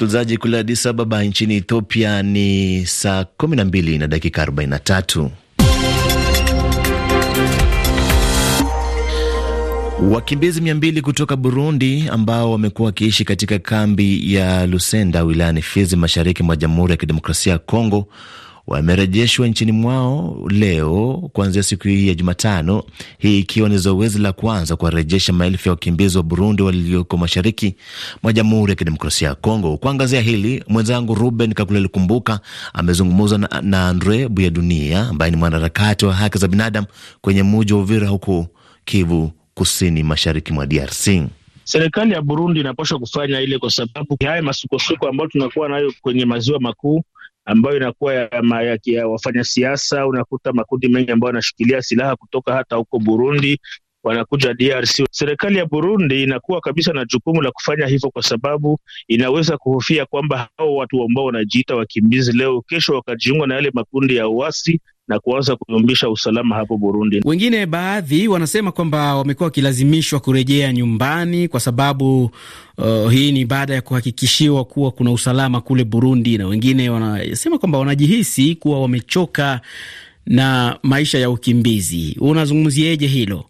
Msikilizaji kule Addis Ababa nchini Ethiopia ni saa 12 na dakika 43. Wakimbizi mia mbili kutoka Burundi ambao wamekuwa wakiishi katika kambi ya Lusenda wilayani Fizi mashariki mwa Jamhuri ya Kidemokrasia ya Kongo wamerejeshwa nchini mwao leo kuanzia siku hii ya Jumatano, hii ikiwa ni zoezi la kwanza kuwarejesha maelfu ya wakimbizi wa Burundi walioko mashariki mwa Jamhuri ya Kidemokrasia ya Kongo. Kuangazia hili, mwenzangu Ruben Kakuleli amezungumuzwa amezungumza na, na Andre Buyadunia ambaye ni mwanaharakati wa haki za binadamu kwenye muji wa Uvira huko Kivu Kusini, mashariki mwa DRC. Serikali ya Burundi inapaswa kufanya ile, kwa sababu haya masukosuko ambayo tunakuwa nayo kwenye maziwa makuu ambayo inakuwa ya, ya, ya siasa. Unakuta makundi mengi ambayo yanashikilia silaha kutoka hata huko Burundi wanakuja DRC. Serikali ya Burundi inakuwa kabisa na jukumu la kufanya hivyo, kwa sababu inaweza kuhofia kwamba hao watu ambao wanajiita wakimbizi leo, kesho wakajiunga na yale makundi ya uasi na kuanza kuyumbisha usalama hapo Burundi. Wengine baadhi wanasema kwamba wamekuwa wakilazimishwa kurejea nyumbani kwa sababu uh, hii ni baada ya kuhakikishiwa kuwa kuna usalama kule Burundi, na wengine wanasema kwamba wanajihisi kuwa wamechoka na maisha ya ukimbizi. Unazungumzieje hilo?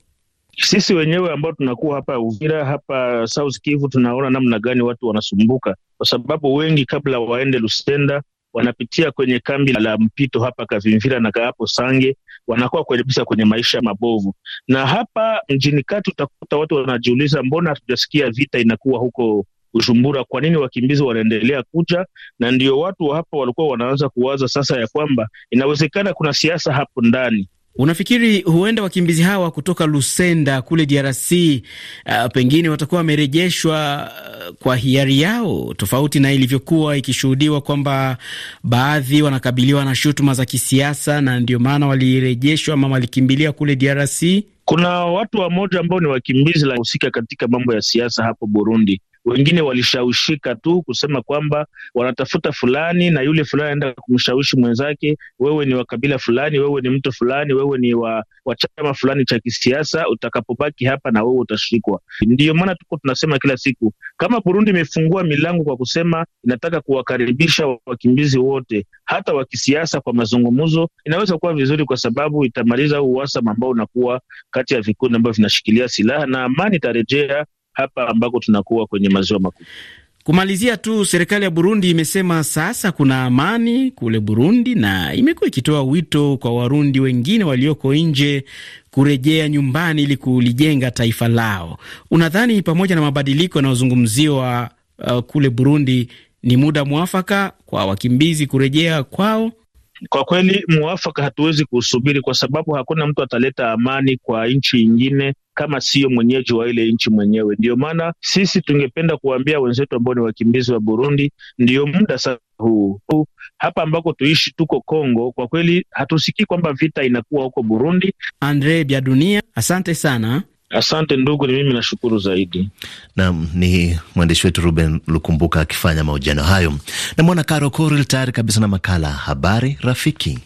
Sisi wenyewe ambao tunakuwa hapa Uvira, hapa South Kivu, tunaona namna gani watu wanasumbuka, kwa sababu wengi kabla waende Lusenda wanapitia kwenye kambi la mpito hapa Kavimvira na hapo Sange, wanakuwa kuelebisa kwenye maisha mabovu. Na hapa mjini kati utakuta watu wanajiuliza, mbona hatujasikia vita inakuwa huko Ushumbura? Kwa nini wakimbizi wanaendelea kuja? Na ndio watu wa hapa walikuwa wanaanza kuwaza sasa ya kwamba inawezekana kuna siasa hapo ndani. Unafikiri huenda wakimbizi hawa kutoka Lusenda kule DRC uh, pengine watakuwa wamerejeshwa uh, kwa hiari yao, tofauti na ilivyokuwa ikishuhudiwa kwamba baadhi wanakabiliwa na shutuma za kisiasa na ndio maana walirejeshwa ama walikimbilia kule DRC? Kuna watu wamoja ambao ni wakimbizi lahusika katika mambo ya siasa hapo Burundi, wengine walishawishika tu kusema kwamba wanatafuta fulani na yule fulani anaenda kumshawishi mwenzake, wewe ni wa kabila fulani, wewe ni mtu fulani, wewe ni wa, wa chama fulani cha kisiasa, utakapobaki hapa na wewe utashikwa. Ndiyo maana tuko tunasema kila siku, kama Burundi imefungua milango kwa kusema inataka kuwakaribisha wakimbizi wote, hata wa kisiasa, kwa mazungumzo, inaweza kuwa vizuri, kwa sababu itamaliza uhasama ambao unakuwa kati ya vikundi ambavyo vinashikilia silaha na amani itarejea hapa ambako tunakuwa kwenye maziwa makuu. Kumalizia tu, serikali ya Burundi imesema sasa kuna amani kule Burundi na imekuwa ikitoa wito kwa Warundi wengine walioko nje kurejea nyumbani ili kulijenga taifa lao. Unadhani pamoja na mabadiliko yanayozungumziwa uh, kule Burundi ni muda mwafaka kwa wakimbizi kurejea kwao? Kwa kweli, mwafaka hatuwezi kusubiri, kwa sababu hakuna mtu ataleta amani kwa nchi ingine kama siyo mwenyeji wa ile nchi mwenyewe. ndio maana sisi tungependa kuwaambia wenzetu ambao ni wakimbizi wa Burundi, ndio muda sasa huu hapa ambako tuishi tuko Kongo, kwa kweli hatusikii kwamba vita inakuwa huko Burundi. Andre Bya Dunia, asante sana. Asante ndugu, ni mimi nashukuru zaidi. Naam, ni mwandishi wetu Ruben Lukumbuka akifanya mahojiano hayo. Namwona Karo Koril tayari kabisa na makala Habari Rafiki.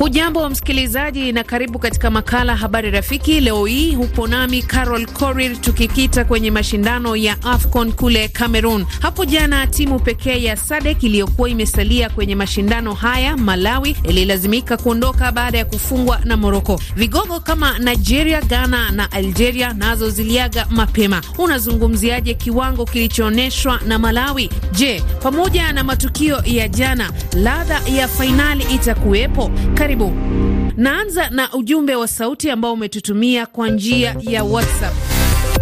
Hujambo msikilizaji, na karibu katika makala Habari Rafiki. Leo hii hupo nami Carol Korir, tukikita kwenye mashindano ya AFCON kule Cameroon. Hapo jana timu pekee ya SADC iliyokuwa imesalia kwenye mashindano haya, Malawi, ililazimika kuondoka baada ya kufungwa na Moroko. Vigogo kama Nigeria, Ghana na Algeria nazo ziliaga mapema. Unazungumziaje kiwango kilichoonyeshwa na Malawi? Je, pamoja na matukio ya jana, ladha ya fainali itakuwepo? Karibu. Naanza na ujumbe wa sauti ambao umetutumia kwa njia ya WhatsApp.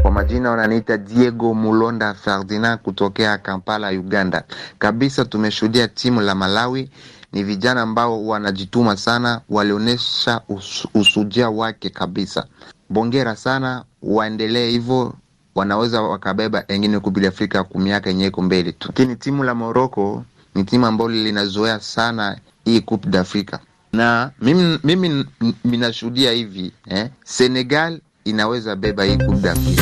Kwa majina wananiita Diego Mulonda Ferdinand kutokea Kampala, Uganda. Kabisa, tumeshuhudia timu la Malawi ni vijana ambao wanajituma sana, walionyesha us usujia wake kabisa. Bongera sana, waendelee hivyo, wanaweza wakabeba engine kubili Afrika kwa miaka yenye iko mbele. Lakini timu la Moroko ni timu ambalo linazoea sana hii Coupe d'Afrika na mimi, mimi hivi eh, Senegal inaweza beba hii kudafi.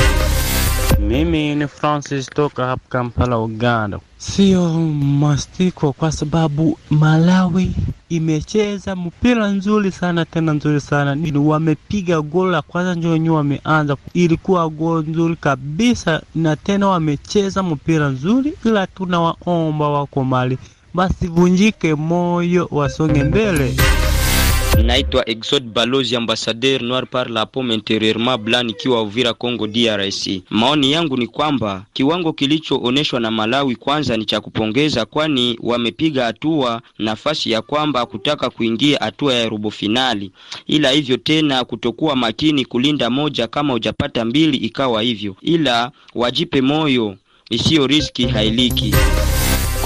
Mimi ni Francis toka hapa Kampala, Uganda. Sio mastiko kwa sababu Malawi imecheza mpira nzuri sana tena nzuri sana, wamepiga goli la kwanza ndio wenyewe wameanza, ilikuwa goli nzuri kabisa, na tena wamecheza mpira nzuri, ila tunawaomba wako mali, basi vunjike moyo, wasonge mbele. Naitwa Exod Balozi, Ambassadeur noir par la pomme interieurement blanc, nikiwa Uvira, Congo DRC. Maoni yangu ni kwamba kiwango kilichoonyeshwa na Malawi kwanza ni cha kupongeza, kwani wamepiga hatua nafasi ya kwamba kutaka kuingia hatua ya robo finali, ila hivyo tena kutokuwa makini kulinda moja, kama hujapata mbili ikawa hivyo, ila wajipe moyo, isiyo riski hailiki.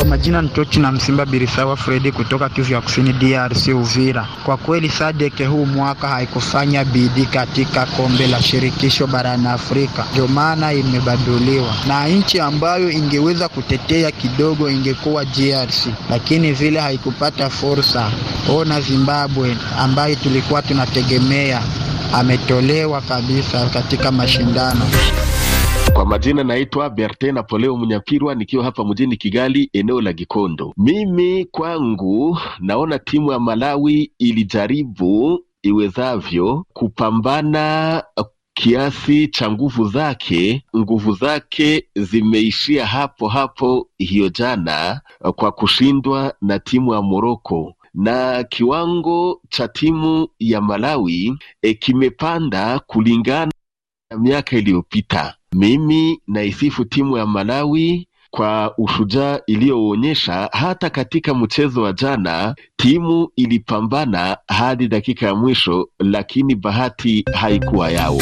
Kwa majina Ntochu na Msimba Birisawa Fredi kutoka Kivu ya Kusini, DRC, Uvira. Kwa kweli Sadeke huu mwaka haikufanya bidii katika kombe la shirikisho barani Afrika, ndio maana imebaduliwa, na nchi ambayo ingeweza kutetea kidogo ingekuwa DRC, lakini vile haikupata fursa. Ona Zimbabwe ambayo tulikuwa tunategemea ametolewa kabisa katika mashindano. Kwa majina naitwa Berte Napoleo Munyapirwa, nikiwa hapa mjini Kigali, eneo la Gikondo. Mimi kwangu naona timu ya Malawi ilijaribu iwezavyo kupambana kiasi cha nguvu zake. Nguvu zake zimeishia hapo hapo hiyo jana kwa kushindwa na timu ya Moroko na kiwango cha timu ya Malawi e, kimepanda kulingana miaka iliyopita. Mimi naisifu timu ya Malawi kwa ushujaa iliyoonyesha. Hata katika mchezo wa jana, timu ilipambana hadi dakika ya mwisho, lakini bahati haikuwa yao.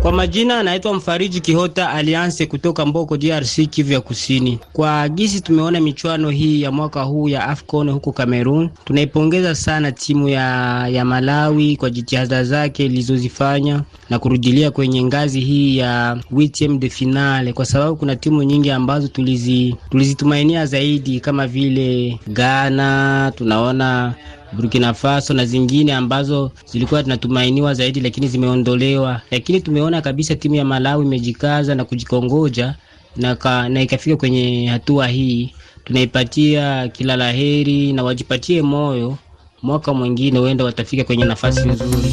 Kwa majina anaitwa Mfariji Kihota Alianse kutoka Mboko, DRC, Kivu ya Kusini. Kwa gisi tumeona michuano hii ya mwaka huu ya AFCON huko Cameroon, tunaipongeza sana timu ya, ya Malawi kwa jitihada zake ilizozifanya na kurudilia kwenye ngazi hii ya WTM de finale, kwa sababu kuna timu nyingi ambazo tulizi, tulizitumainia zaidi kama vile Ghana tunaona Burkina Faso na zingine ambazo zilikuwa tunatumainiwa zaidi, lakini zimeondolewa. Lakini tumeona kabisa timu ya Malawi imejikaza na kujikongoja na, ka, na ikafika kwenye hatua hii. Tunaipatia kila laheri na wajipatie moyo, mwaka mwingine huenda watafika kwenye nafasi nzuri.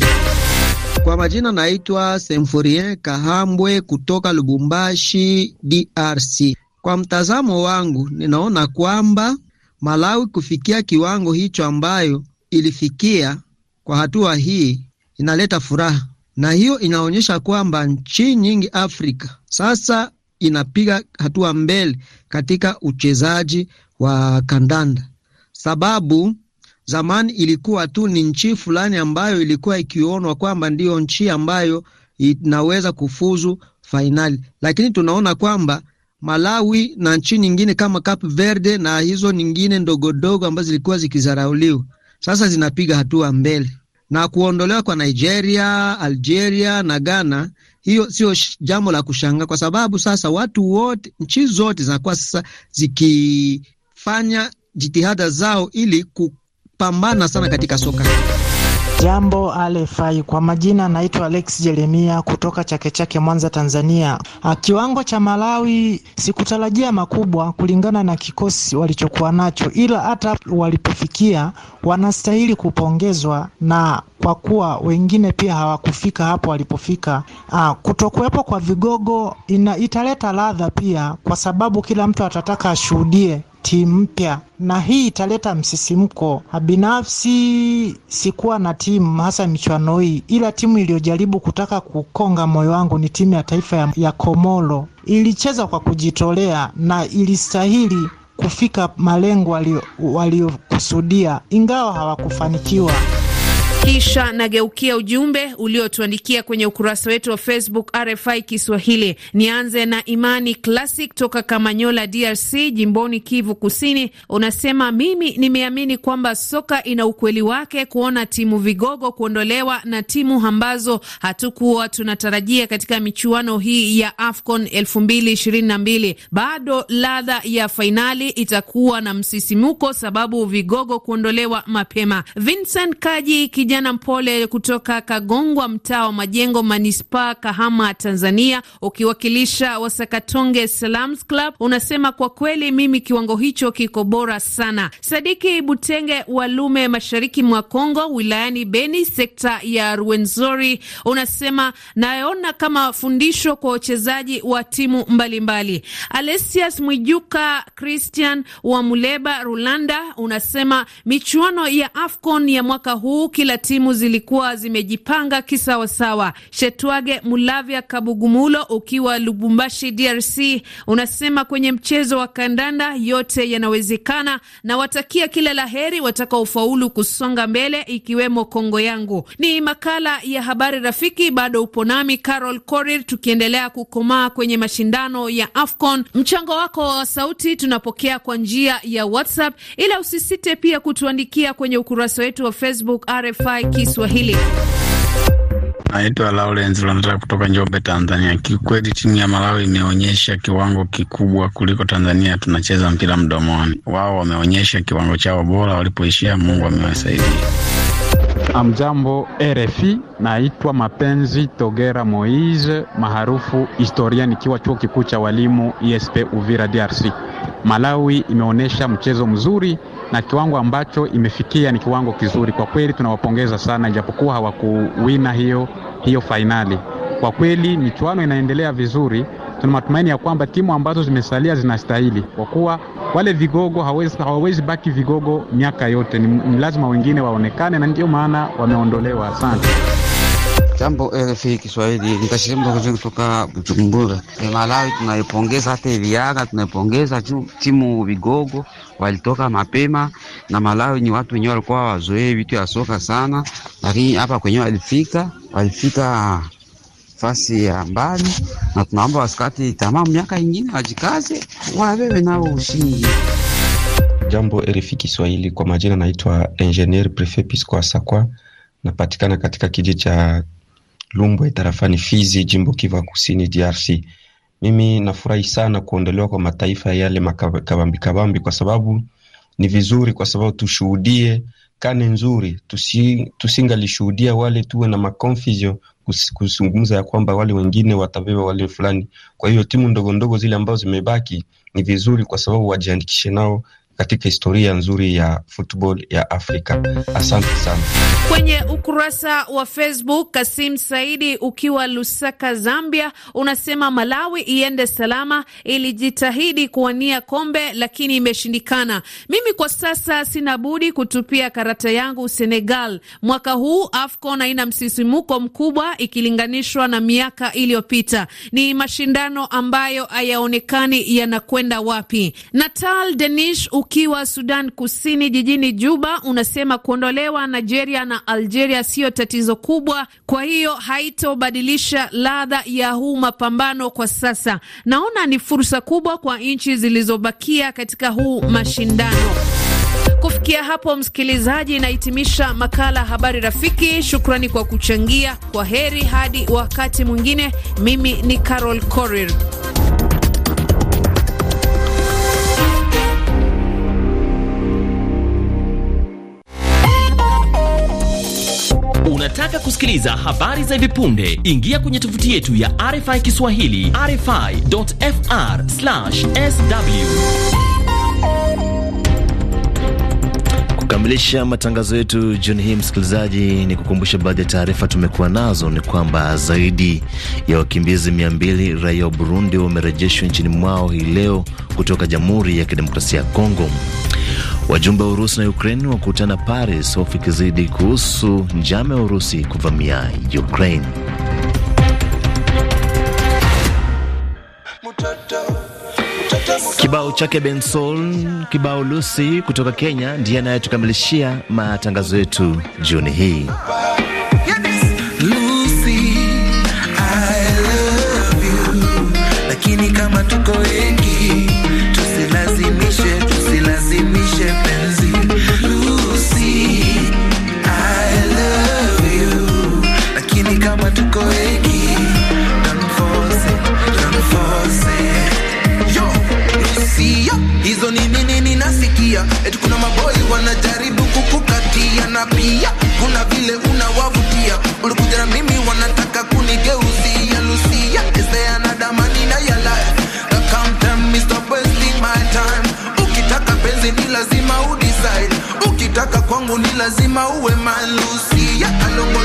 Kwa majina naitwa Semforien Kahambwe kutoka Lubumbashi, DRC. Kwa mtazamo wangu, ninaona kwamba Malawi kufikia kiwango hicho ambayo ilifikia kwa hatua hii inaleta furaha, na hiyo inaonyesha kwamba nchi nyingi Afrika sasa inapiga hatua mbele katika uchezaji wa kandanda, sababu zamani ilikuwa tu ni nchi fulani ambayo ilikuwa ikionwa kwamba ndiyo nchi ambayo inaweza kufuzu fainali, lakini tunaona kwamba Malawi na nchi nyingine kama Cape Verde na hizo nyingine ndogo ndogo ambazo zilikuwa zikizarauliwa sasa zinapiga hatua mbele, na kuondolewa kwa Nigeria, Algeria na Ghana, hiyo sio jambo la kushangaa, kwa sababu sasa watu wote, nchi zote zinakuwa sasa zikifanya jitihada zao ili kupambana sana katika soka. Jambo alefai, kwa majina anaitwa Alex Jeremia kutoka Chake Chake Mwanza, Tanzania. A, ah, kiwango cha Malawi sikutarajia makubwa kulingana na kikosi walichokuwa nacho, ila hata walipofikia wanastahili kupongezwa na kwa kuwa wengine pia hawakufika hapo walipofika. Ah, kutokuwepo kwa vigogo ina italeta ladha pia, kwa sababu kila mtu atataka ashuhudie timu mpya, na hii italeta msisimko. Binafsi sikuwa na timu hasa michuano hii, ila timu iliyojaribu kutaka kukonga moyo wangu ni timu ya taifa ya, ya Komoro. Ilicheza kwa kujitolea na ilistahili kufika malengo waliokusudia, ingawa hawakufanikiwa. Kisha nageukia ujumbe uliotuandikia kwenye ukurasa wetu wa Facebook RFI Kiswahili. Nianze na Imani Classic toka Kamanyola, DRC, jimboni Kivu Kusini. Unasema, mimi nimeamini kwamba soka ina ukweli wake, kuona timu vigogo kuondolewa na timu ambazo hatukuwa tunatarajia katika michuano hii ya AFCON 2022 bado ladha ya fainali itakuwa na msisimuko, sababu vigogo kuondolewa mapema. Vincent Kaji kijana mpole kutoka Kagongwa, mtaa wa Majengo, manispaa Kahama, Tanzania, ukiwakilisha Wasakatonge Slams Club, unasema kwa kweli mimi kiwango hicho kiko bora sana. Sadiki Butenge Lume, mashariki mwa Kongo, wilayani Beni, sekta ya ruenzori unasema naona kama fundisho kwa wachezaji wa timu mbalimbali. Alesias Mwijuka Christian wa Muleba Rulanda unasema michuano ya AFCON ya mwaka huu kila timu zilikuwa zimejipanga kisawasawa. Shetwage Mulavya Kabugumulo ukiwa Lubumbashi, DRC, unasema kwenye mchezo wa kandanda yote yanawezekana, na watakia kila laheri watakaofaulu kusonga mbele, ikiwemo Kongo yangu. Ni makala ya habari rafiki, bado upo nami Carol Korir, tukiendelea kukomaa kwenye mashindano ya AFCON. Mchango wako wa sauti tunapokea kwa njia ya WhatsApp, ila usisite pia kutuandikia kwenye ukurasa wetu wa Facebook RF RFI Kiswahili. Naitwa Lawrence Londa kutoka Njombe, Tanzania. Kiukweli timu ya Malawi imeonyesha kiwango kikubwa kuliko Tanzania. Tunacheza mpira mdomoni, wao wameonyesha kiwango chao bora, walipoishia Mungu amewasaidia. Amjambo RFI, naitwa Mapenzi Togera Moise maarufu Historia, nikiwa chuo kikuu cha walimu ISP e Uvira, DRC. Malawi imeonyesha mchezo mzuri na kiwango ambacho imefikia ni kiwango kizuri kwa kweli, tunawapongeza sana, ijapokuwa hawakuwina hiyo hiyo fainali. Kwa kweli michuano inaendelea vizuri, tuna matumaini ya kwamba timu ambazo zimesalia zinastahili, kwa kuwa wale vigogo hawezi, hawawezi baki vigogo miaka yote. Ni, ni lazima wengine waonekane, na ndio maana wameondolewa. Asante. Jambo eh, RFI Kiswahili, nikashirima kutoka Bujumbura. Eh, Malawi tunaipongeza, hata iliaga tunaipongeza timu vigogo walitoka mapema, na Malawi ni watu wenyewe walikuwa wazoee vitu ya soka sana, lakini hapa kwenyewe walifika walifika fasi ya mbali, na tunaomba wasikati tamamu miaka ingine wajikaze, wawewe nao ushindi. Jambo eh, RFI Kiswahili, kwa majina naitwa Engineer Prefet Pisco Asakwa, napatikana katika kijiji cha Lumbwe tarafani Fizi, jimbo Kivu Kusini, DRC. Mimi nafurahi sana kuondolewa kwa mataifa yale makabambi kabambi, kwa sababu ni vizuri, kwa sababu tushuhudie kane nzuri, tusi, tusingalishuhudia wale tuwe na makonfusio kuzungumza ya kwamba wale wengine watabeba wale fulani. Kwa hiyo timu ndogo ndogo zile ambazo zimebaki ni vizuri, kwa sababu wajiandikishe nao katika historia nzuri ya football ya Afrika. Asante sana. Kwenye ukurasa wa Facebook, Kasim Saidi ukiwa Lusaka, Zambia, unasema Malawi iende salama, ilijitahidi kuwania kombe lakini imeshindikana. Mimi kwa sasa sina budi kutupia karata yangu Senegal. Mwaka huu AFCON haina msisimuko mkubwa ikilinganishwa na miaka iliyopita. Ni mashindano ambayo hayaonekani yanakwenda wapi. Natal Denish ukiwa Sudan Kusini, jijini Juba, unasema kuondolewa Nigeria na Algeria siyo tatizo kubwa, kwa hiyo haitobadilisha ladha ya huu mapambano kwa sasa. Naona ni fursa kubwa kwa nchi zilizobakia katika huu mashindano. Kufikia hapo, msikilizaji, inahitimisha makala Habari Rafiki. Shukrani kwa kuchangia. Kwa heri hadi wakati mwingine. Mimi ni Carol Korir. Unataka kusikiliza habari za hivi punde? Ingia kwenye tovuti yetu ya RFI Kiswahili, rfi.fr/sw. Kukamilisha matangazo yetu jioni hii, msikilizaji, ni kukumbusha baadhi ya taarifa tumekuwa nazo. Ni kwamba zaidi ya wakimbizi mia mbili raia wa Burundi wamerejeshwa nchini mwao hii leo kutoka Jamhuri ya Kidemokrasia ya Kongo. Wajumbe wa Urusi na Ukraine wakutana Paris, hofu ikizidi kuhusu njama ya Urusi kuvamia Ukraine. Kibao chake Bensoul, kibao Lucy kutoka Kenya, ndiye anayetukamilishia matangazo yetu jioni hii. Lucy, I love you, lakini kama tuko with my Lucy. Yeah, I know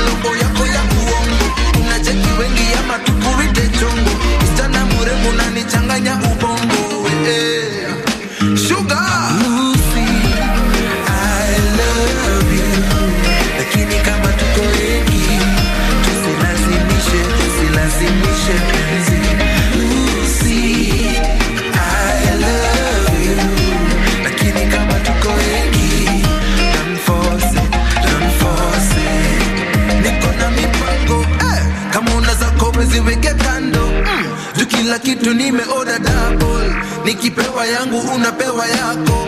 kila kitu nime order double, nikipewa yangu unapewa yako.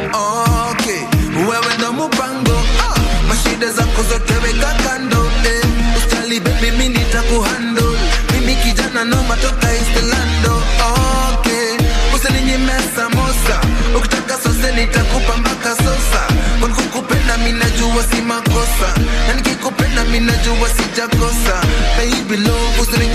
Okay, wewe ndo mupango ah, mashida zako zote weka kando eh, ustali baby, mimi nitakuhandle mimi kijana noma toka East Lando. Okay, usininyime samosa, ukitaka sose nitakupa mpaka sosa. Kwa kukupenda mimi najua si makosa, na nikikupenda mimi najua sijakosa. Baby love usini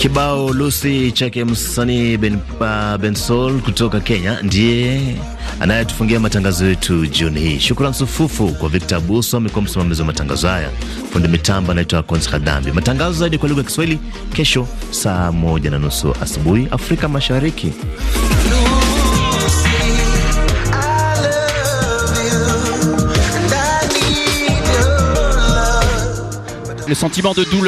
Kibao Lucy chake msanii ben, uh, kutoka Kenya ndiye anayetufungia matangazo yetu jioni hii. Shukrani sufufu kwa Victor Abuso, amekuwa msimamizi wa matangazo haya. Fundi mitambo anaitwa Konzi Kadhambi. Matangazo zaidi kwa lugha ya Kiswahili kesho saa moja na nusu asubuhi Afrika Mashariki. Le sentiment de douleur